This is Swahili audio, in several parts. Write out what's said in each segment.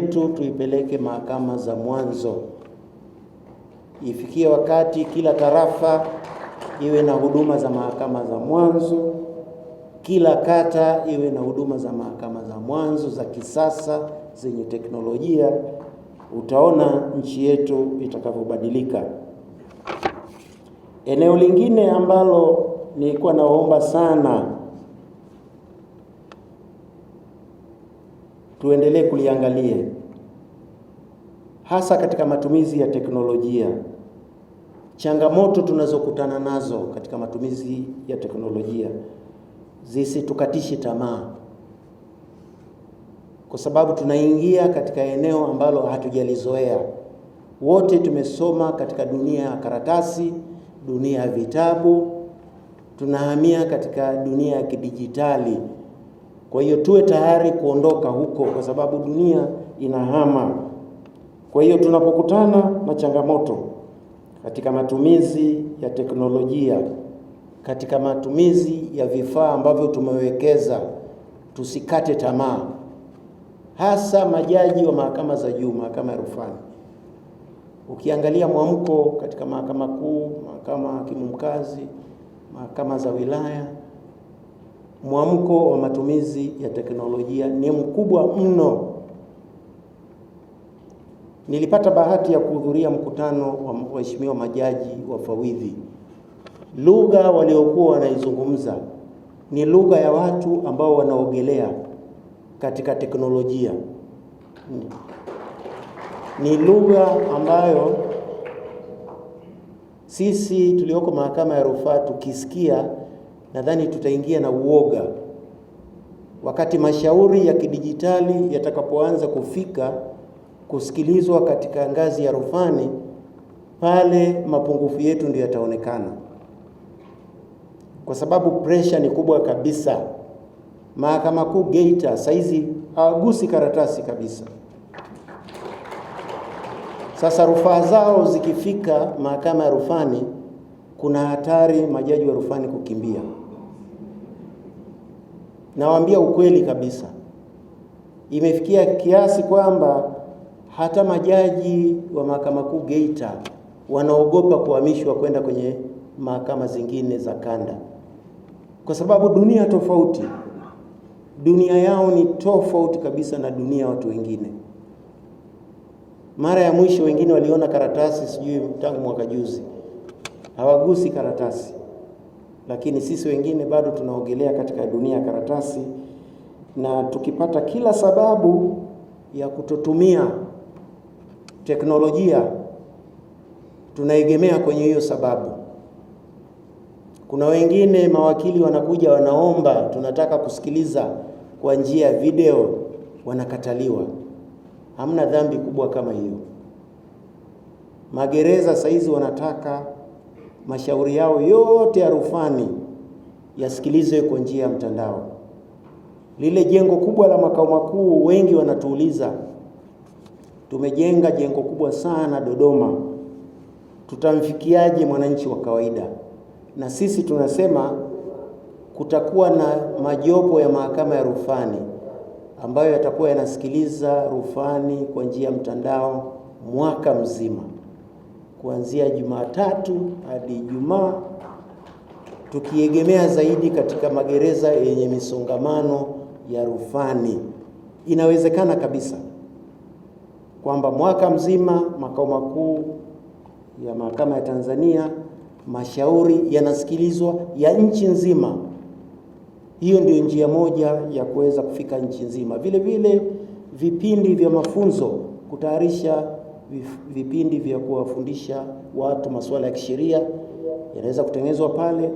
yetu tuipeleke mahakama za mwanzo. Ifikie wakati kila tarafa iwe na huduma za mahakama za mwanzo, kila kata iwe na huduma za mahakama za mwanzo za kisasa zenye teknolojia. Utaona nchi yetu itakavyobadilika. Eneo lingine ambalo nilikuwa naomba sana tuendelee kuliangalia hasa katika matumizi ya teknolojia, changamoto tunazokutana nazo katika matumizi ya teknolojia zisitukatishe tamaa, kwa sababu tunaingia katika eneo ambalo hatujalizoea. Wote tumesoma katika dunia ya karatasi, dunia ya vitabu, tunahamia katika dunia ya kidijitali. Kwa hiyo tuwe tayari kuondoka huko, kwa sababu dunia inahama. Kwa hiyo tunapokutana na changamoto katika matumizi ya teknolojia, katika matumizi ya vifaa ambavyo tumewekeza, tusikate tamaa, hasa majaji wa mahakama za juu, mahakama ya rufani. Ukiangalia mwamko katika mahakama kuu, mahakama hakimu mkazi, mahakama za wilaya mwamko wa matumizi ya teknolojia ni mkubwa mno. Nilipata bahati ya kuhudhuria mkutano wa waheshimiwa majaji wafawidhi. Lugha waliokuwa wanaizungumza ni lugha ya watu ambao wanaogelea katika teknolojia, ni lugha ambayo sisi tulioko mahakama ya rufaa tukisikia nadhani tutaingia na uoga wakati mashauri ya kidijitali yatakapoanza kufika kusikilizwa katika ngazi ya rufani, pale mapungufu yetu ndio yataonekana, kwa sababu presha ni kubwa kabisa. Mahakama Kuu Geita saizi hawagusi karatasi kabisa. Sasa rufaa zao zikifika mahakama ya rufani, kuna hatari majaji wa rufani kukimbia. Nawaambia ukweli kabisa, imefikia kiasi kwamba hata majaji wa mahakama kuu Geita wanaogopa kuhamishwa kwenda kwenye mahakama zingine za kanda, kwa sababu dunia tofauti, dunia yao ni tofauti kabisa na dunia watu wengine. Mara ya mwisho wengine waliona karatasi sijui tangu mwaka juzi, hawagusi karatasi lakini sisi wengine bado tunaogelea katika dunia ya karatasi, na tukipata kila sababu ya kutotumia teknolojia tunaegemea kwenye hiyo sababu. Kuna wengine mawakili wanakuja wanaomba, tunataka kusikiliza kwa njia ya video, wanakataliwa. Hamna dhambi kubwa kama hiyo. Magereza saizi wanataka mashauri yao yote ya rufani yasikilizwe kwa njia ya mtandao. Lile jengo kubwa la makao makuu, wengi wanatuuliza, tumejenga jengo kubwa sana Dodoma, tutamfikiaje mwananchi wa kawaida? Na sisi tunasema kutakuwa na majopo ya mahakama ya rufani ambayo yatakuwa yanasikiliza rufani kwa njia ya mtandao mwaka mzima kuanzia Jumatatu hadi Ijumaa, tukiegemea zaidi katika magereza yenye misongamano ya rufani. Inawezekana kabisa kwamba mwaka mzima makao makuu ya mahakama ya Tanzania mashauri yanasikilizwa ya nchi nzima. Hiyo ndio njia moja ya kuweza kufika nchi nzima. Vile vile vipindi vya mafunzo kutayarisha vipindi vya kuwafundisha watu masuala ya kisheria yanaweza kutengenezwa pale,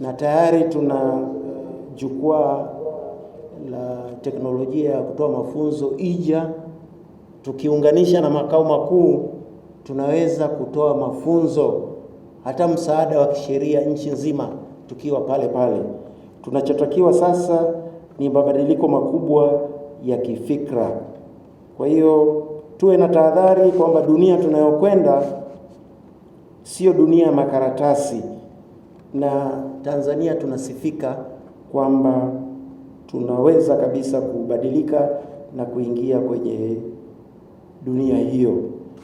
na tayari tuna eh, jukwaa la teknolojia ya kutoa mafunzo IJA. Tukiunganisha na makao makuu, tunaweza kutoa mafunzo hata msaada wa kisheria nchi nzima tukiwa pale pale. Tunachotakiwa sasa ni mabadiliko makubwa ya kifikra. Kwa hiyo tuwe na tahadhari kwamba dunia tunayokwenda sio dunia ya makaratasi, na Tanzania tunasifika kwamba tunaweza kabisa kubadilika na kuingia kwenye dunia hiyo.